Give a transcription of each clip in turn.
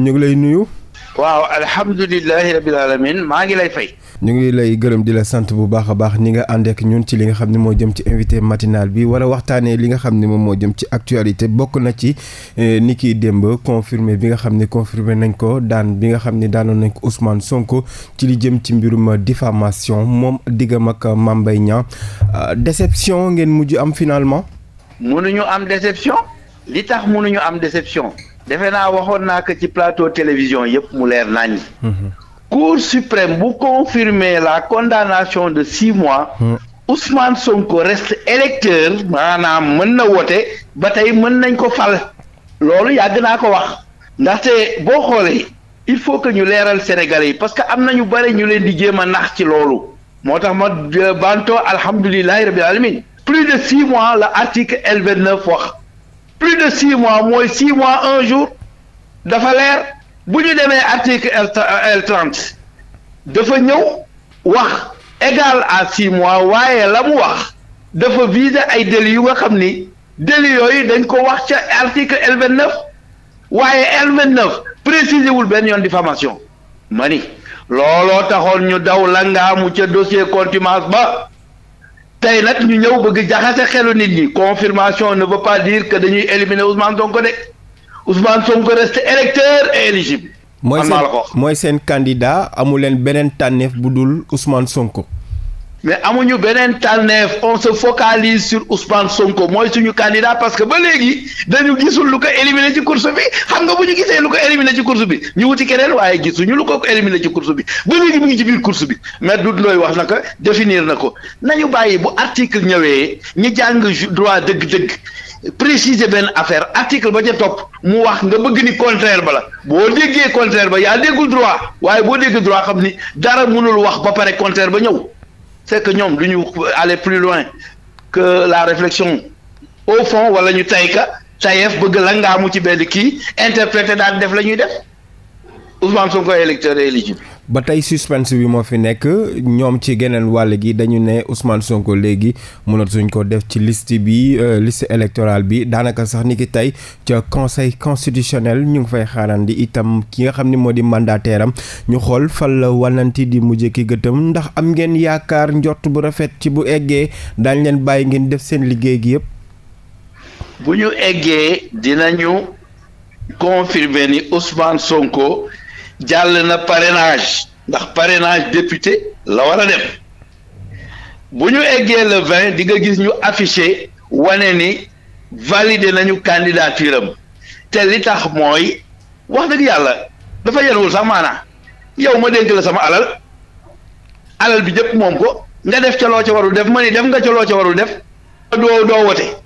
ñu ngi lay nuyu. waaw alhamdulilahi rabil alamin maa ngi lay fay. ñu ngi lay gërëm di la sant bu baax a baax ni nga ànd ak ñun ci li nga xam ne moo jëm ci invité matinal bi war waxtaane li nga xam ni moom moo jëm ci actualité bokk na ci eh, ni kiy démb confirmé bi nga xam ne confirmé nañ ko daan bi nga xam ne daanoon nañ ko Ousmane Sonko ci li jëm ci mbirum diffamation moom diggam ak Mame Mbaye Niang ah, déception ngeen mujj am finalement. mënuñu am déception li tax mënuñu am déception. defe naa waxoon naa ko ci plateau télévision yëpp mu leer nañ cour suprême bu confirmer la condamnation de six mois mm. Ousmane Sonko reste électeur maanaam mën na wote ba tey mën nañ ko fal loolu yàgg naa ko wax ndaxte boo xoolee il faut que ñu leeral sénégal yi parce que am na ñu bare ñu leen di jéem a nax ci loolu moo tax ma euh, bantoo alhamdulilahi rabbil alamin plus de six mois la article L vingt neuf wax plus de six mois mooy six mois un jour dafa leer bu ñu demee article euh, L trente dafa ñëw wax égal à six mois waaye la mu wax dafa viser ay délits yu nga xam ni délits yooyu dañ ko wax ca article L vingt neuf waaye L vingt neuf préciser wul benn yoon diffamation ma ni looloo taxoon ñu daw la ca dossier contumace ba tey nag ñu ñëw bëgg jaxase xelu nit ñi confirmation ne veut pas dire que dañuy éliminer Ousmane Sonko de Ousmane Sonko reste électeur et éligible. mooy seen mooy seen candidat amu leen beneen tànneef bu dul Ousmane Sonko. mais amuñu beneen tànneef on se focalise sur Ousmane Sonko mooy suñu candidat parce que ba léegi dañu gisul lu ko éliminé ci course bi xam nga bu ñu gisee lu ko éliminé ci course bi ñu wuti keneen waaye gisuñu lu ko éliminé ci course bi ba léegi mu ngi ci biir bi mais dut looy wax na ko définir na ko nañu bàyyi bu article ñëwee ñu jàng droit dëgg-dëgg préciser benn affaire article ba ca topp mu wax nga bëgg ni contraire ba la boo déggee contraire ba yaa déggul droit waaye boo déggee droit xam ni dara mënul wax ba pare contraire ba ñëw c'est que ñoom du ñu aller plus loin que la réflexion au fond wala ñu tay ka tayef bëgg la mu ci benn kii interpréter daal def la ñuy def Ousmane Sonko électeur éligible ba tey suspense bi moo fi nekk ñoom ci geneen wàll gi dañu ne Ousmane Sonko léegi suñ ko def ci liste bi euh, list électorale bi daanaka sax ni ki tey ca conseil constitutionnel ñu ngi fay di itam ki nga xam ni moo di mandataire ñu xool fan la wananti di mujjee ki gëtëm ndax am ngeen yaakaar njort bu rafet ci bu eggee dañ leen bàyyi ngeen def seen liggéey gi yëpp. bu ñu eggee dinañu confirmer ni Ousmane Sonko. jàll na parenage ndax parrainage député la war a dem bu ñu eggee le vingt di nga gis ñu affiché wane ni validé nañu candidature am te li tax mooy wax dëgg yàlla dafa yenuwul sax maanaa yow ma dénk la sama alal alal bi jëpp moom ko nga def ca loo ca warul def ma ni def nga ca loo ca warul def doo doo wote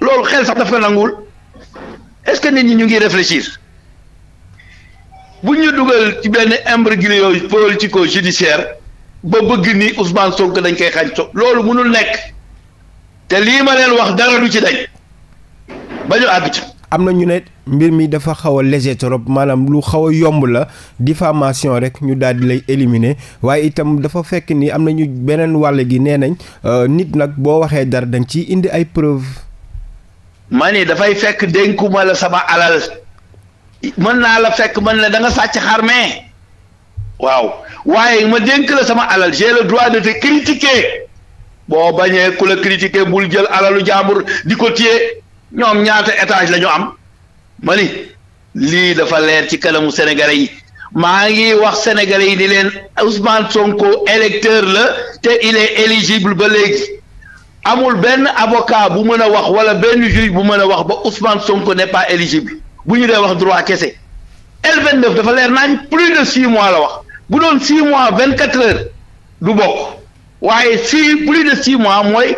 loolu xel sax dafa nanguwul est-ce que nit ñi ñu ngi réfléchir bu ñu dugal ci benn imbroglio politico judiciaire ba bëgg ni Ousmane Sonko dañ koy xañ loolu mënul nekk te lii ma leen wax dara du ci dañ ba ñu àgg ci am na ñu ne mbir mi dafa xaw a léger trop maanaam lu xaw a yomb la diffamation rek ñu daal di lay éliminer waaye itam dafa fekk ni am na ñu beneen wàll gi nee nañ euh, nit nag boo waxee dara dañ ciy indi ay preuve ma dafay fekk dénkuma la sama alal mën naa la fekk mën na danga sàcc xar mais waaw waaye ma dénk la sama alal j'ai le droit de te critiquer boo bañee ku la critiquer bul jël alalu jàmbur di ko téye ñoom ñaata étage la am ma ni lii dafa leer ci kanamu sénégalais yi maa ngi wax sénégalais yi ni leen Ousmane Sonko électeur la te il est éligible ba léegi amul benn avocat bu mën a wax wala benn juge bu mën a wax ba Ousmane Sonko n'est pas éligible bu ñu dee wax droit kese l dafa leer naañ plus de six mois la wax bu doon six mois vingt quatre heures du bokk waaye six plus de six mois mooy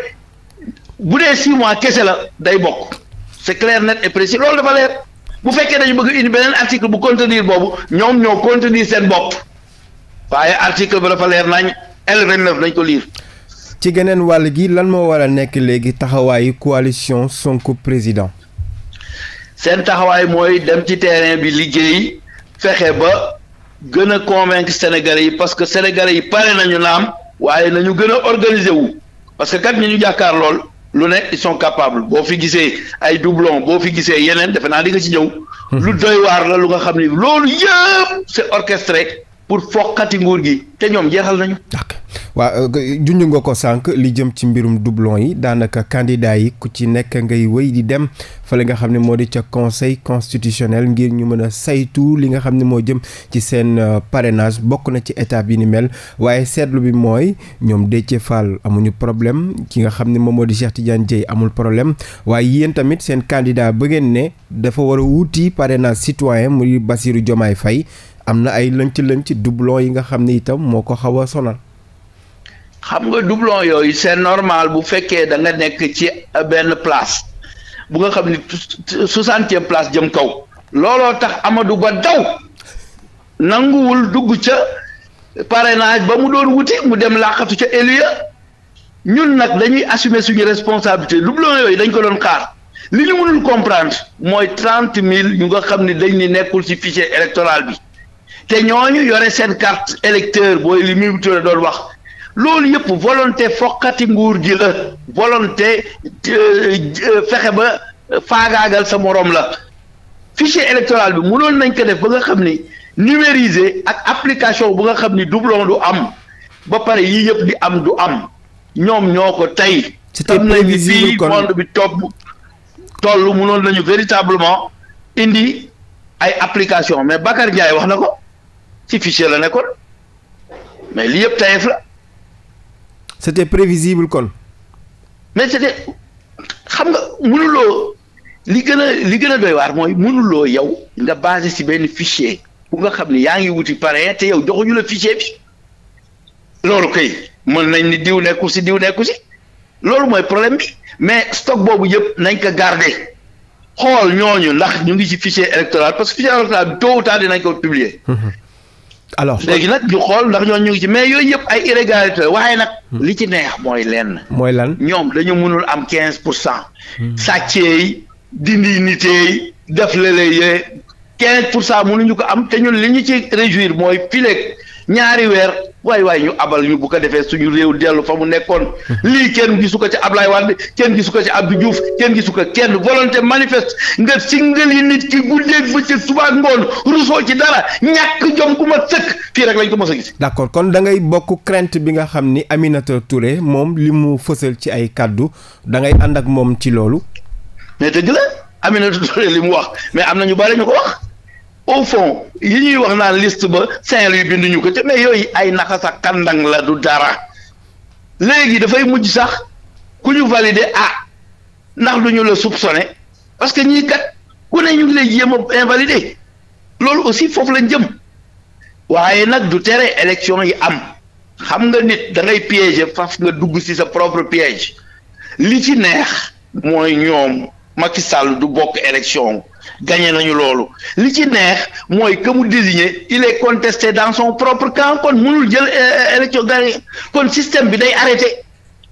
bu dee six mois kese la day bokk c'est clair net et précis loolu dafa leer bu fekkee dañu bëgg indi beneen article bu contenir boobu ñoom ñoo contenir seen bopp waaye article bi dafa leer nañ L29 nañ ko lire. ci geneen wàll gi lan moo war a nekk léegi taxawaayu coalition Sonko président. seen taxawaay mooy dem ci terrain bi liggéey fexe ba gën a convaincre Sénégalais yi parce que Sénégalais yi pare nañu naam waaye nañu gën a organiser wu parce que kat ñi ñu jàkkaar lool lu ne ils sont capables boo fi gisee ay doublon boo fi gisee yeneen defe naa di nga ci ñëw. Mhm. lu doy waar la lu nga xam ni loolu yëpp c'est orchestré pour foqati nguur gi te ñoom jeexal nañu. waa euh, junj nga ko sànq li jëm ci mbirum doublon yi daanaka candidat yi ku ci nekk ngay wéy di dem fa fële nga xam ne moo di ca conseil constitutionnel ngir ñu mën a saytu li nga xam ne moo jëm ci seen euh, parenage bokk na ci étape yi ni mel waaye seetlu bi mooy ñoom Déthié Fall amuñu problème ki nga xam ne moom moo di Cheikh Tidiane Dièye amul problème waaye yéen tamit seen candidat ba ngeen ne dafa war a wuuti parrainage citoyen muy Bassirou Diomaye Faye am na ay lënc-lënc doublon yi nga xam ne itam moo ko xaw a sonal xam nga doublon yooyu seen normal bu fekkee da nekk ci euh, benn place bu nga xam ni soixantième place jëm kaw looloo tax Amadou Ba daw nanguwul dugg ca pare parrainage ba mu doon wuti mu dem laqatu ca élu ñun nag dañuy assumer suñu responsabilité doublon yooyu dañ ko doon xaar li ñu mënul comprendre mooy trente mille ñu nga xam ni dañ ni nekkul ci fichier électoral bi te ñooñu yore seen carte électeur booy li muy doon wax loolu yëpp volonté fokkati nguur gi la volonté euh, euh, fexe ba faagaagal sa morom la fichier électoral bi mënoon nañ ko ba nga xam ni numérisé ak application bu nga xam ni doublon du am ba pare yii yëpp di am du am ñoom ñoo ko tey. c'était prévisible kon bi topp toll mënoon nañu véritablement indi ay application mais Bakar Ndiaye wax na ko ci ficier la nekkoon mais lii yëpp tayef la. c'était prévisible kon. mais c'était xam nga mënuloo li gën a li gën a doy waar mooy mënuloo yow nga basé ci benn fichier bu nga xam ni yaa ngi wuti parrain te yow joxuñu la fichier bi loolu kay mën nañ ni diw nekku ci diw nekku ci loolu mooy problème bi mais stock boobu yëpp nañ ko garder xool ñooñu ndax ñu ngi ci fichier électoral parce que fichier électoral bi tôt ou tard dinañ ko alors léegi nag ñu xool ndax ñoo ñu ngi ci mais yooyu yëpp ay irrégularité waaye nag. Hmm. li ci neex mooy lenn. mooy lan ñoom dañu mënul am quinze pour cent. Hmm. sàccee dindi nitee def léeg-léeg quinze pour cent mënuñu ko am te ñun li ñu ci réjouir mooy fileeg ñaari weer. waaye waaye ñu abal ñu bu ko defee suñu réew dellu fa mu nekkoon lii kenn gisu ko ci Ablaye Wade kenn gisu ko ci Abdou Diouf kenn gisu ko kenn volonté manifeste nga singal yi nit ki guddeeg bëccëg suba ak ngoon rusoo ci dara ñàkk jom ku ma sëkk fii rek lañ ko mos a gis. d'accord kon da ngay bokk crainte bi nga xam ni aminateur Touré moom li mu fësal ci ay kàddu da ngay ànd ak moom ci loolu. mais dëgg la Aminata Touré li mu wax mais am na ñu bari ñu ko wax. au fond yi ñuy wax naa liste ba Saint-Louis binduñu ko ca mais yooyu ay naxasa kàndang la du dara léegi dafay mujj sax ku ñu valider ah ndax du ñu la soupçonné parce que ñii kat ku ne ñu la lay jéem a invalider loolu aussi foofu lañ jëm waaye nag du tere élection yi am xam nga nit da ngay piéger faf nga dugg si sa propre piège li ci neex mooy ñoom Macky Sall du bokk élection. gagné nañu loolu li ci neex mooy que mu désigné il est contesté dans son propre camp kon mënul jël e euh, euh, élection gagné kon système bi day arrêté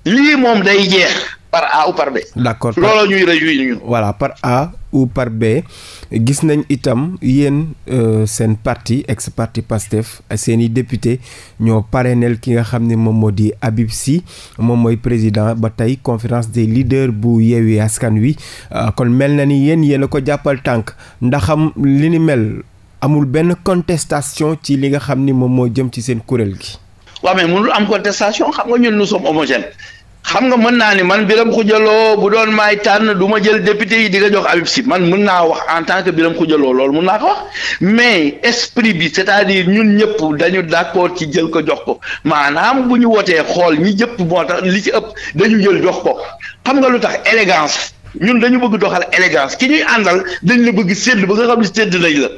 lii moom day jeex par A ou par B. d'accord looloo ñuy réjouir voilà par A ou par B gis nañ itam yéen euh, seen parti ex parti PASTEF seen i député ñoo parrainel ki nga xam ni moom moo di Habib Sy moom mooy président ba tey conférence des leaders bu Yewwi Askan Wi euh, kon mel na ni yéen yéen a ko jàppal tànk ndaxam li ni mel amul benn contestation ci li nga xam ni moom moo jëm ci seen kuréel gi. waaw mais mënul am contestation xam nga ñun nous sommes homogènes. xam nga mën naa ni man biram Khoudia Lo bu doon maay tànn du ma jël député yi di nga jox Habib Sy man mën naa wax en tant que Birame Khoudia loolu mun naa ko wax mais esprit bi c'est-à-dire ñun ñëpp dañu d'accord ci jël ko jox ko maanaam bu ñu wotee xool ñi jëpp moo tax li ci ëpp dañu jël jox ko xam nga lu tax élégance ñun dañu bëgg doxal élégance ki ñuy àndal dañ la bëgg sédd ba nga xam ne sédd nañ la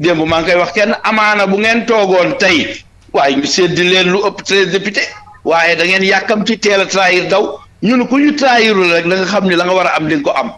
démb maa ngi koy wax kenn amaana bu ngeen toogoon tey waaye ñu sédd leen lu ëpp treize députés waaye da ngeen yàkkam ci teel a trahir daw ñu ne ku ñu trahirul rek da xam ni la nga war a am di ko am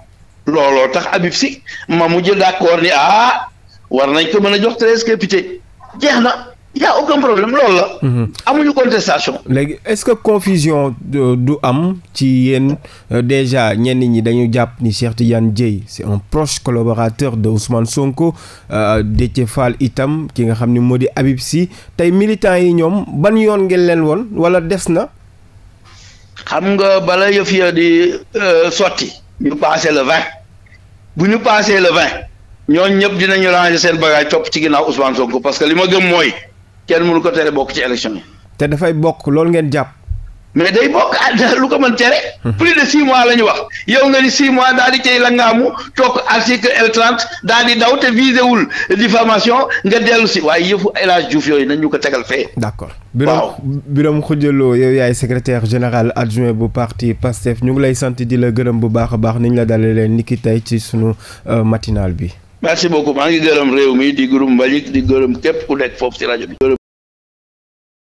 looloo tax Habib si ma mu mujj d'accord ni ah war nañ ko mën a jox treize députés jeex na. y' a aucun problème loolu la. Mhm. amuñu contestation. léegi est-ce que confusion du am ci yéen euh, déjà ñenn ñi dañu jàpp ni Cheikh Tidiane Dièye c'est un proche collaborateur de Ousmane Sonko euh, Déthié Fall itam ki nga xam ni moo di Habib Sy tey militants yi ñoom ban yoon ngeen leen woon wala des na. xam nga bala yëf ya di euh, sotti. ñu passé le vingt. bu ñu passé le vingt. ñooñu ñëpp dinañu ranger seen bagage topp ci ginnaaw Ousmane Sonko parce que li ma gëm mooy. kenn mënu ko tere bokk ci élection yi. te dafay bokk loolu ngeen jàpp. mais day bokk ah lu ko mën tere. plus de six mois la ñu wax yow nga ni six mois daal di cay langaamu toog article L30 daal di daw te visé wul diffamation nga dellu si waaye yëfu El Hadj Diouf yooyu nañ ñu ko tegal fee. d' accord waaw Birame Khoudia Lo yow yaay secrétaire général adjoint bu parti PASTEF ñu ngi lay sant di la gërëm bu baax a baax ni ñu la dalalee niki tey ci sunu euh, matinal bi. merci beaucoup mi di gërëm Mbagnick di gërëm képp ku nekk foofu ci rajo bi.